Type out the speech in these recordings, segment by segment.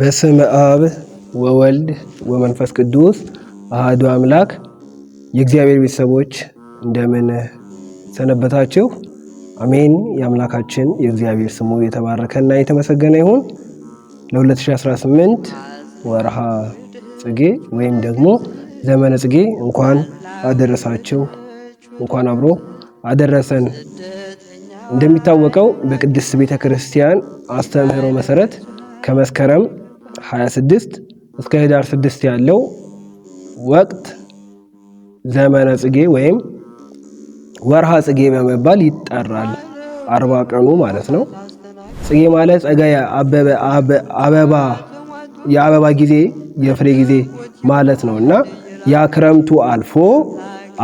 በስመ አብ ወወልድ ወመንፈስ ቅዱስ አህዱ አምላክ። የእግዚአብሔር ቤተሰቦች እንደምን ሰነበታችሁ? አሜን። የአምላካችን የእግዚአብሔር ስሙ የተባረከና የተመሰገነ ይሁን። ለ2018 ወርሃ ጽጌ ወይም ደግሞ ዘመነ ጽጌ እንኳን አደረሳችሁ፣ እንኳን አብሮ አደረሰን። እንደሚታወቀው በቅድስት ቤተ ክርስቲያን አስተምህሮ መሰረት ከመስከረም 26 እስከ ህዳር 6 ያለው ወቅት ዘመነ ጽጌ ወይም ወርሃ ጽጌ በመባል ይጠራል። አርባ ቀኑ ማለት ነው። ጽጌ ማለት ጸጋ አበባ የአበባ ጊዜ የፍሬ ጊዜ ማለት ነው እና ያ ክረምቱ አልፎ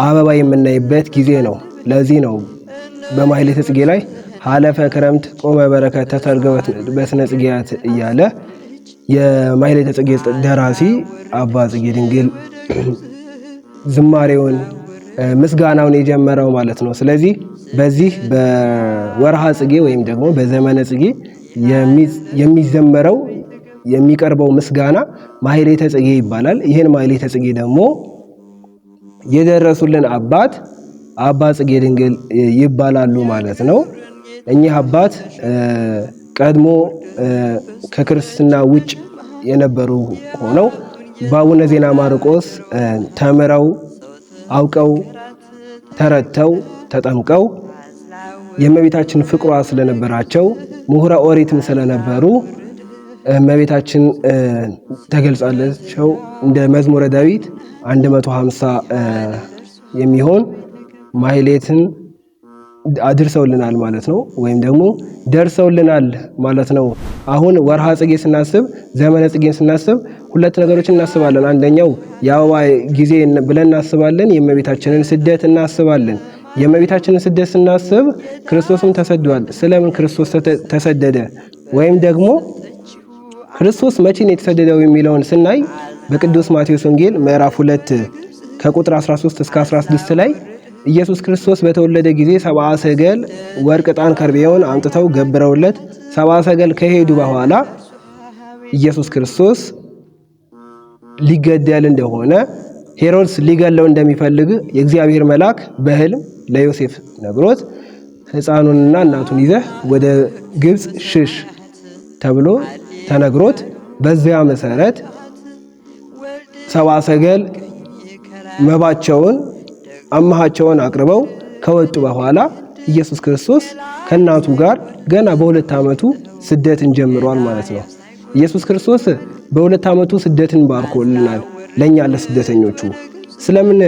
አበባ የምናይበት ጊዜ ነው። ለዚህ ነው በማሕሌተ ጽጌ ላይ ሀለፈ ክረምት ቆመ በረከት ተተርገ በስነ ጽጌያት እያለ የማሕሌተ ጽጌ ደራሲ አባ ጽጌ ድንግል ዝማሬውን ምስጋናውን የጀመረው ማለት ነው። ስለዚህ በዚህ በወርሃ ጽጌ ወይም ደግሞ በዘመነ ጽጌ የሚዘመረው የሚቀርበው ምስጋና ማሕሌተ ጽጌ ይባላል። ይህን ማሕሌተ ጽጌ ደግሞ የደረሱልን አባት አባ ጽጌ ድንግል ይባላሉ ማለት ነው። እኚህ አባት ቀድሞ ከክርስትና ውጭ የነበሩ ሆነው በአቡነ ዜና ማርቆስ ተምረው አውቀው ተረድተው ተጠምቀው የእመቤታችን ፍቅሯ ስለነበራቸው ምሁረ ኦሪትም ስለነበሩ እመቤታችን ተገልጻላቸው እንደ መዝሙረ ዳዊት 150 የሚሆን ማህሌትን አድርሰውልናል ማለት ነው፣ ወይም ደግሞ ደርሰውልናል ማለት ነው። አሁን ወርሃ ጽጌ ስናስብ፣ ዘመነ ጽጌን ስናስብ ሁለት ነገሮችን እናስባለን። አንደኛው የአበባ ጊዜ ብለን እናስባለን፣ የእመቤታችንን ስደት እናስባለን። የእመቤታችንን ስደት ስናስብ ክርስቶስም ተሰዷል። ስለምን ክርስቶስ ተሰደደ ወይም ደግሞ ክርስቶስ መቼን የተሰደደው የሚለውን ስናይ በቅዱስ ማቴዎስ ወንጌል ምዕራፍ 2 ከቁጥር 13 እስከ 16 ላይ ኢየሱስ ክርስቶስ በተወለደ ጊዜ ሰብአ ሰገል ወርቅ፣ ዕጣን፣ ከርቤውን አምጥተው ገብረውለት ሰብአ ሰገል ከሄዱ በኋላ ኢየሱስ ክርስቶስ ሊገደል እንደሆነ ሄሮድስ ሊገለው እንደሚፈልግ የእግዚአብሔር መልአክ በሕልም ለዮሴፍ ነግሮት ሕፃኑንና እናቱን ይዘህ ወደ ግብፅ ሽሽ ተብሎ ተነግሮት በዚያ መሰረት ሰብአ ሰገል መባቸውን አማሃቸውን አቅርበው ከወጡ በኋላ ኢየሱስ ክርስቶስ ከእናቱ ጋር ገና በሁለት ዓመቱ ስደትን ጀምሯል ማለት ነው። ኢየሱስ ክርስቶስ በሁለት ዓመቱ ስደትን ባርኮልናል ለእኛ ለስደተኞቹ። ስለምን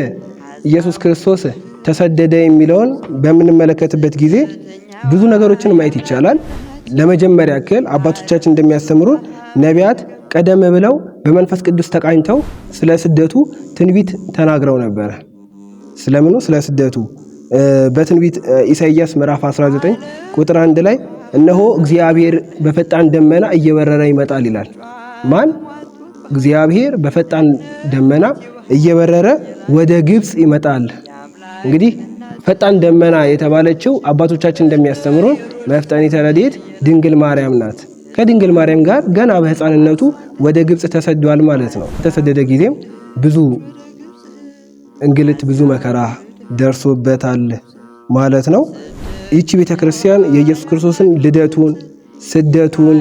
ኢየሱስ ክርስቶስ ተሰደደ የሚለውን በምንመለከትበት ጊዜ ብዙ ነገሮችን ማየት ይቻላል። ለመጀመሪያ ያክል አባቶቻችን እንደሚያስተምሩን ነቢያት ቀደም ብለው በመንፈስ ቅዱስ ተቃኝተው ስለ ስደቱ ትንቢት ተናግረው ነበረ። ስለምኑ ስለ ስደቱ በትንቢት ኢሳይያስ ምዕራፍ 19 ቁጥር 1 ላይ እነሆ እግዚአብሔር በፈጣን ደመና እየበረረ ይመጣል ይላል። ማን? እግዚአብሔር በፈጣን ደመና እየበረረ ወደ ግብፅ ይመጣል። እንግዲህ ፈጣን ደመና የተባለችው አባቶቻችን እንደሚያስተምሩን መፍጠኒተ ረድኤት ድንግል ማርያም ናት። ከድንግል ማርያም ጋር ገና በሕፃንነቱ ወደ ግብፅ ተሰዷል ማለት ነው። ተሰደደ ጊዜም ብዙ እንግልት፣ ብዙ መከራ ደርሶበታል ማለት ነው። ይቺ ቤተ ክርስቲያን የኢየሱስ ክርስቶስን ልደቱን፣ ስደቱን፣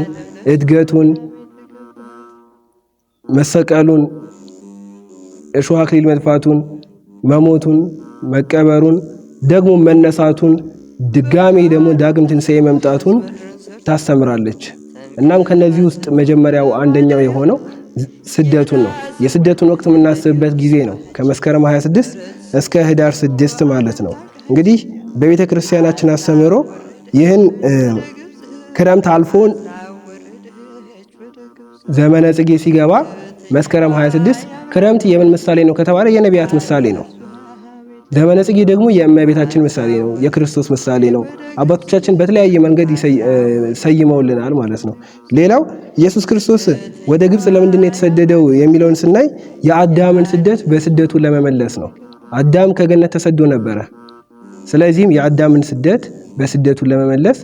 እድገቱን፣ መሰቀሉን፣ እሾህ አክሊል መድፋቱን፣ መሞቱን፣ መቀበሩን፣ ደግሞ መነሳቱን፣ ድጋሜ ደግሞ ዳግም ትንሣኤ መምጣቱን ታስተምራለች። እናም ከነዚህ ውስጥ መጀመሪያው አንደኛው የሆነው ስደቱን ነው። የስደቱን ወቅት የምናስብበት ጊዜ ነው። ከመስከረም 26 እስከ ህዳር 6 ማለት ነው። እንግዲህ በቤተ ክርስቲያናችን አስተምህሮ ይህን ክረምት አልፎን ዘመነ ጽጌ ሲገባ መስከረም 26 ክረምት የምን ምሳሌ ነው ከተባለ የነቢያት ምሳሌ ነው። ዘመነጽጌ ደግሞ የእመቤታችን ምሳሌ ነው፣ የክርስቶስ ምሳሌ ነው። አባቶቻችን በተለያየ መንገድ ሰይመውልናል ማለት ነው። ሌላው ኢየሱስ ክርስቶስ ወደ ግብፅ ለምንድነው የተሰደደው የሚለውን ስናይ የአዳምን ስደት በስደቱ ለመመለስ ነው። አዳም ከገነት ተሰዶ ነበረ። ስለዚህም የአዳምን ስደት በስደቱ ለመመለስ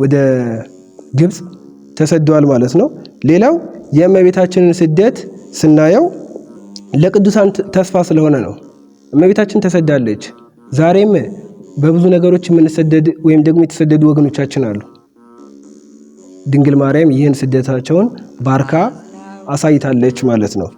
ወደ ግብፅ ተሰደዋል ማለት ነው። ሌላው የእመቤታችንን ስደት ስናየው ለቅዱሳን ተስፋ ስለሆነ ነው። እመቤታችን ተሰዳለች። ዛሬም በብዙ ነገሮች የምንሰደድ ወይም ደግሞ የተሰደዱ ወገኖቻችን አሉ። ድንግል ማርያም ይህን ስደታቸውን ባርካ አሳይታለች ማለት ነው።